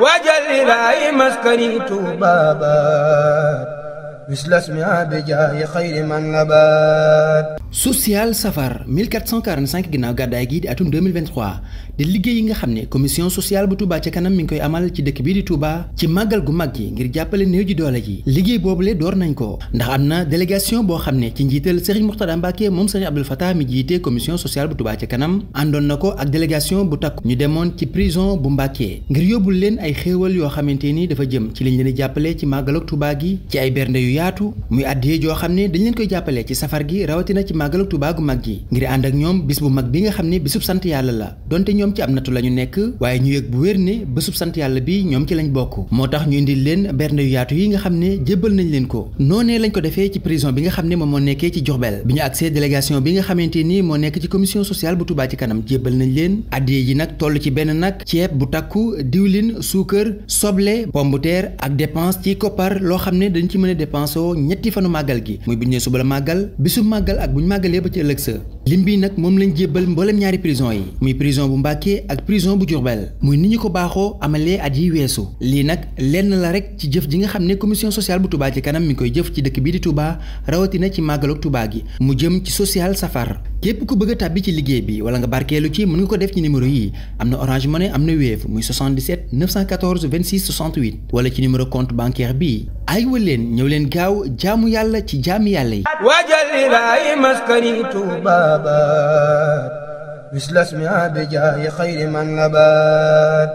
waajal ilaahi maskani tuuba misl asmiha bi jaahi xayri man nabaat social safar 1445 ginnaaw gàddaay gi di atum 2023 di liggéey yi nga xam ne commission sociale bu Touba ca kanam mi ngi koy amal ci dëkk bii di Touba ci màggal gu mag gi ngir jàppale néew ji doole ji liggéey boobu boobule door nañ ko ndax am na délégation boo xam ne ci njiital Serigne Mourtada Mbacke moom Serigne Abdoul Fattah mi jiite commission sociale bu Touba ca kanam àndoon na ko ak délégation bu takku ñu demoon ci prison bu Mbacke ngir yóbbul leen a xéewal yoo xamante ni dafa jëm ci liñ leen di jàppale ci màggalug Touba gi ay bernde yaatu muy àddiyee joo xam ne dañ leen koy jàppale ci safar gi rawatina ci màggalu Tuubaa gu mag gi ngir ànd ak ñoom bis bu mag bi nga xam ne bésub sant yàlla la donte ñoom ci am natu la ñu nekk waaye ñu yëg bu wér ne bésub sant yàlla bi ñoom ci lañ bokk moo tax ñu indil leen bernde yu yaatu yi nga xam ne jébbal nañ leen ko noonee lañ ko defee ci prison bi nga xam ne moom moo nekkee ci Jurbel bi ñu agsee délégation bi nga xamante ni moo nekk ci commission ci kanam jébbal nañ leen àddiyee ji nag toll ci benn nag ceeb bu takku de terre ak dépense ci koppar Manso ñetti fanu màggal gi muy bu ñu nee suba la màggal bisu màggal ak bu màggalee ba ci ëllëg sa lim bi nag moom lañ jébbal mboolem ñaari prison yi muy prison bu Mbàkke ak prison bu Jurbel muy ni ñu ko baaxoo amalee at yi weesu lii nag lenn la rek ci jëf ji nga xam ne commission sociale bu tubaa ci kanam mi ngi koy jëf ci dëkk bii di Touba rawatina ci màggalug Touba gi mu jëm ci social safar képp ku bëgg tàbbi ci liggéey bi wala nga barkeelu ci mën nga ko def ci numéro yi am na Orange Money am na Wave muy 77 914 ay wa leen ñëw leen gaaw jaamu yàlla ci jaamu yàlla yi waajal ilaahi maskani tuubaaba mislasmi abijaay xayri man nabaat